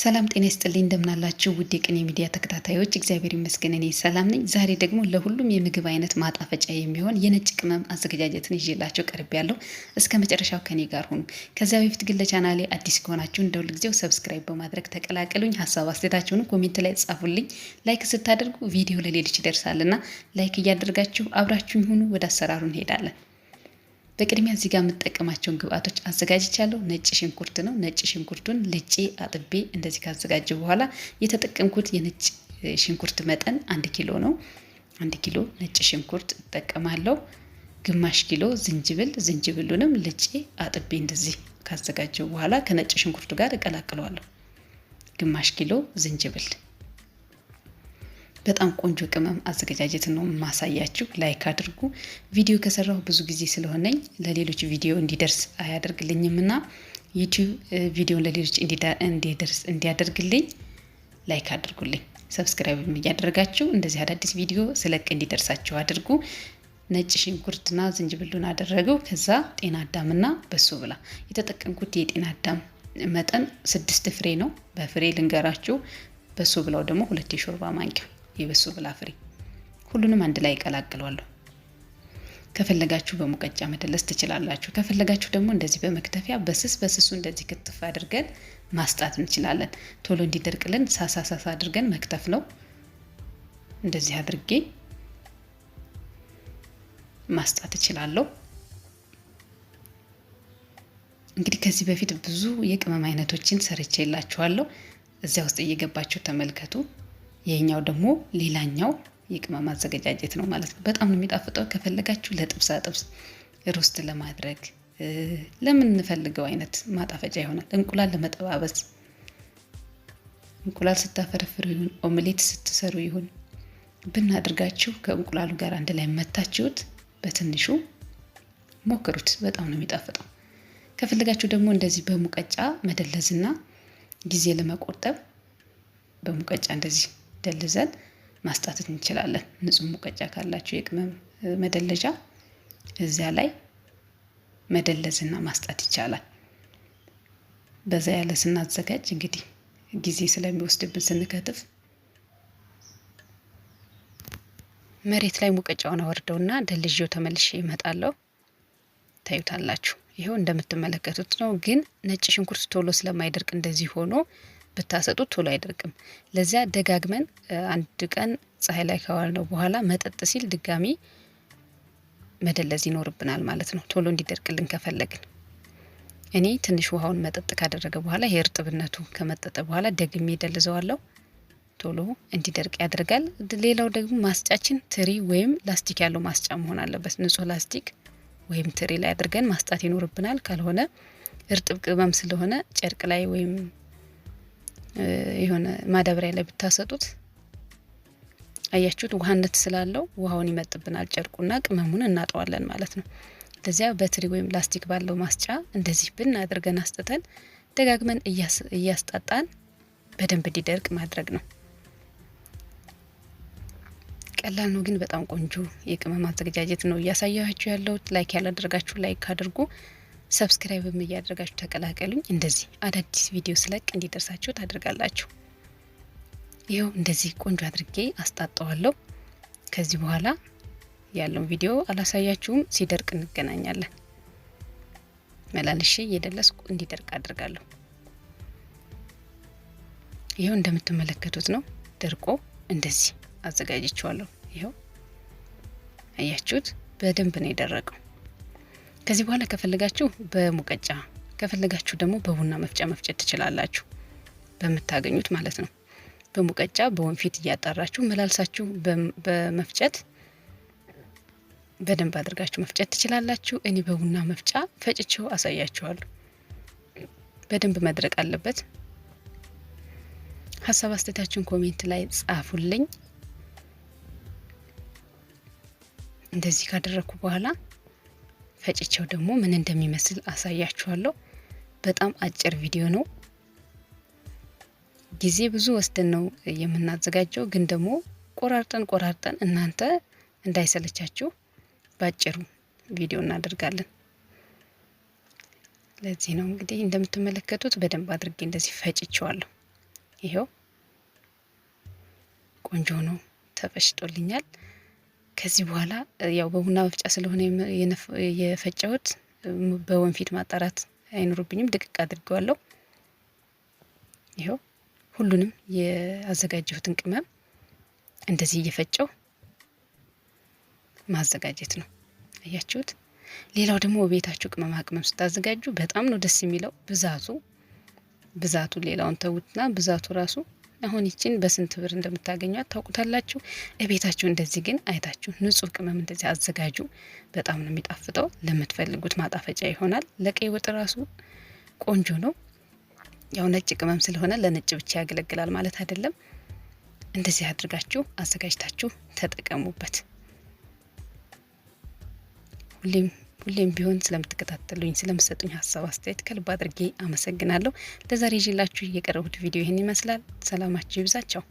ሰላም ጤና ይስጥልኝ። እንደምናላችሁ ውድ የቅኔ ሚዲያ ተከታታዮች፣ እግዚአብሔር ይመስገን እኔ ሰላም ነኝ። ዛሬ ደግሞ ለሁሉም የምግብ አይነት ማጣፈጫ የሚሆን የነጭ ቅመም አዘገጃጀትን ይዤላችሁ ያለው እስከ መጨረሻው ከኔ ጋር ሁኑ። ከዚያ በፊት ግን ለቻናሌ አዲስ ከሆናችሁ እንደ ሁልጊዜው ሰብስክራይብ በማድረግ ተቀላቀሉኝ። ሀሳብ አስተያየታችሁን ኮሜንት ላይ ጻፉልኝ። ላይክ ስታደርጉ ቪዲዮ ለሌሎች ይደርሳልና ላይክ እያደርጋችሁ አብራችሁ ሁኑ። ወደ አሰራሩ እንሄዳለን። በቅድሚያ እዚህ ጋር የምጠቀማቸውን ግብአቶች አዘጋጅቻለሁ። ነጭ ሽንኩርት ነው። ነጭ ሽንኩርቱን ልጬ አጥቤ እንደዚህ ካዘጋጀ በኋላ የተጠቀምኩት የነጭ ሽንኩርት መጠን አንድ ኪሎ ነው። አንድ ኪሎ ነጭ ሽንኩርት እጠቀማለሁ። ግማሽ ኪሎ ዝንጅብል፣ ዝንጅብሉንም ልጬ አጥቤ እንደዚህ ካዘጋጀው በኋላ ከነጭ ሽንኩርቱ ጋር እቀላቅለዋለሁ። ግማሽ ኪሎ ዝንጅብል በጣም ቆንጆ ቅመም አዘገጃጀት ነው ማሳያችሁ። ላይክ አድርጉ። ቪዲዮ ከሰራሁ ብዙ ጊዜ ስለሆነኝ ለሌሎች ቪዲዮ እንዲደርስ አያደርግልኝም እና ዩቲዩብ ቪዲዮን ለሌሎች እንዲደርስ እንዲያደርግልኝ ላይክ አድርጉልኝ። ሰብስክራይብ እያደረጋችሁ እንደዚህ አዳዲስ ቪዲዮ ስለቅ እንዲደርሳችሁ አድርጉ። ነጭ ሽንኩርትና ዝንጅብሉን አደረገው። ከዛ ጤና አዳምና በሶ ብላ የተጠቀምኩት የጤና አዳም መጠን ስድስት ፍሬ ነው። በፍሬ ልንገራችሁ። በሶ ብላው ደግሞ ሁለት የሾርባ ማንኪያ የበሶ ብላፍሬ ሁሉንም አንድ ላይ ይቀላቅሏለሁ። ከፈለጋችሁ በሙቀጫ መደለስ ትችላላችሁ። ከፈለጋችሁ ደግሞ እንደዚህ በመክተፊያ በስስ በስሱ እንደዚህ ክትፍ አድርገን ማስጣት እንችላለን። ቶሎ እንዲደርቅልን ሳሳ ሳሳ አድርገን መክተፍ ነው። እንደዚህ አድርጌ ማስጣት እችላለሁ። እንግዲህ ከዚህ በፊት ብዙ የቅመም አይነቶችን ሰርቼ የላችኋለሁ። እዚያ ውስጥ እየገባችሁ ተመልከቱ። ይህኛው ደግሞ ሌላኛው የቅመም አዘገጃጀት ነው ማለት ነው። በጣም ነው የሚጣፍጠው። ከፈለጋችሁ ለጥብሳ ጥብስ፣ ሮስት ለማድረግ ለምንፈልገው አይነት ማጣፈጫ ይሆናል። እንቁላል ለመጠባበስ እንቁላል ስታፈረፍሩ ይሁን ኦምሌት ስትሰሩ ይሁን ብናድርጋችሁ ከእንቁላሉ ጋር አንድ ላይ መታችሁት በትንሹ ሞክሩት። በጣም ነው የሚጣፍጠው። ከፈለጋችሁ ደግሞ እንደዚህ በሙቀጫ መደለዝና ጊዜ ለመቆጠብ በሙቀጫ እንደዚህ ደልዘን ማስጣት እንችላለን። ንጹህ ሙቀጫ ካላችሁ የቅመም መደለዣ እዚያ ላይ መደለዝና ማስጣት ይቻላል። በዛ ያለ ስናዘጋጅ እንግዲህ ጊዜ ስለሚወስድብን ስንከትፍ መሬት ላይ ሙቀጫውን አወርደውና ደልዤው ተመልሼ ይመጣለሁ። ታዩታላችሁ። ይኸው እንደምትመለከቱት ነው። ግን ነጭ ሽንኩርት ቶሎ ስለማይደርቅ እንደዚህ ሆኖ ብታሰጡት ቶሎ አይደርቅም። ለዚያ ደጋግመን አንድ ቀን ፀሐይ ላይ ካዋልነው በኋላ መጠጥ ሲል ድጋሚ መደለዝ ይኖርብናል ማለት ነው፣ ቶሎ እንዲደርቅልን ከፈለግን። እኔ ትንሽ ውሃውን መጠጥ ካደረገ በኋላ ይሄ እርጥብነቱ ከመጠጠ በኋላ ደግሜ ደልዘዋለሁ። ቶሎ እንዲደርቅ ያደርጋል። ሌላው ደግሞ ማስጫችን ትሪ ወይም ላስቲክ ያለው ማስጫ መሆን አለበት። ንጹህ ላስቲክ ወይም ትሪ ላይ አድርገን ማስጣት ይኖርብናል። ካልሆነ እርጥብ ቅመም ስለሆነ ጨርቅ ላይ ወይም የሆነ ማዳበሪያ ላይ ብታሰጡት አያችሁት፣ ውሃነት ስላለው ውሃውን ይመጥብናል። ጨርቁና ቅመሙን እናጠዋለን ማለት ነው። ለዚያ በትሪ ወይም ላስቲክ ባለው ማስጫ እንደዚህ ብን አድርገን አስጥተን ደጋግመን እያስጣጣን በደንብ እንዲደርቅ ማድረግ ነው። ቀላል ነው፣ ግን በጣም ቆንጆ የቅመም አዘገጃጀት ነው እያሳያችሁ ያለሁት። ላይክ ያላደረጋችሁ ላይክ አድርጉ። ሰብስክራይብም እያደረጋችሁ ተቀላቀሉኝ። እንደዚህ አዳዲስ ቪዲዮ ስለቅ እንዲደርሳችሁ ታደርጋላችሁ። ይኸው እንደዚህ ቆንጆ አድርጌ አስጣጠዋለሁ። ከዚህ በኋላ ያለውን ቪዲዮ አላሳያችሁም። ሲደርቅ እንገናኛለን። መላልሼ እየደለስኩ እንዲደርቅ አድርጋለሁ። ይኸው እንደምትመለከቱት ነው። ደርቆ እንደዚህ አዘጋጀችዋለሁ። ይኸው አያችሁት፣ በደንብ ነው የደረቀው። ከዚህ በኋላ ከፈለጋችሁ በሙቀጫ ከፈለጋችሁ ደግሞ በቡና መፍጫ መፍጨት ትችላላችሁ፣ በምታገኙት ማለት ነው። በሙቀጫ በወንፊት እያጣራችሁ መላልሳችሁ በመፍጨት በደንብ አድርጋችሁ መፍጨት ትችላላችሁ። እኔ በቡና መፍጫ ፈጭቸው አሳያችኋለሁ። በደንብ መድረቅ አለበት። ሀሳብ አስተያየታችሁን ኮሜንት ላይ ጻፉልኝ። እንደዚህ ካደረግኩ በኋላ ፈጭቸው ደግሞ ምን እንደሚመስል አሳያችኋለሁ። በጣም አጭር ቪዲዮ ነው። ጊዜ ብዙ ወስደን ነው የምናዘጋጀው፣ ግን ደግሞ ቆራርጠን ቆራርጠን እናንተ እንዳይሰለቻችሁ ባጭሩ ቪዲዮ እናደርጋለን። ለዚህ ነው እንግዲህ እንደምትመለከቱት በደንብ አድርጌ እንደዚህ ፈጭቸዋለሁ። ይኸው ቆንጆ ነው ተፈጭቶልኛል። ከዚህ በኋላ ያው በቡና መፍጫ ስለሆነ የፈጨሁት በወንፊት ማጣራት አይኖርብኝም። ድቅቅ አድርገዋለሁ። ይኸው ሁሉንም የአዘጋጀሁትን ቅመም እንደዚህ እየፈጨው ማዘጋጀት ነው። አያችሁት? ሌላው ደግሞ በቤታችሁ ቅመማ ቅመም ስታዘጋጁ በጣም ነው ደስ የሚለው። ብዛቱ ብዛቱ ሌላውን ተዉትና ብዛቱ ራሱ አሁን ይችን በስንት ብር እንደምታገኟት ታውቁታላችሁ። እቤታችሁ እንደዚህ ግን አይታችሁ ንጹህ ቅመም እንደዚህ አዘጋጁ። በጣም ነው የሚጣፍጠው። ለምትፈልጉት ማጣፈጫ ይሆናል። ለቀይ ወጥ ራሱ ቆንጆ ነው። ያው ነጭ ቅመም ስለሆነ ለነጭ ብቻ ያገለግላል ማለት አይደለም። እንደዚህ አድርጋችሁ አዘጋጅታችሁ ተጠቀሙበት። ሁሌም ሁሌም ቢሆን ስለምትከታተሉኝ ስለምሰጡኝ ሀሳብ አስተያየት ከልብ አድርጌ አመሰግናለሁ። ለዛሬ ይዤላችሁ የቀረቡት ቪዲዮ ይህን ይመስላል። ሰላማችሁ ይብዛቸው።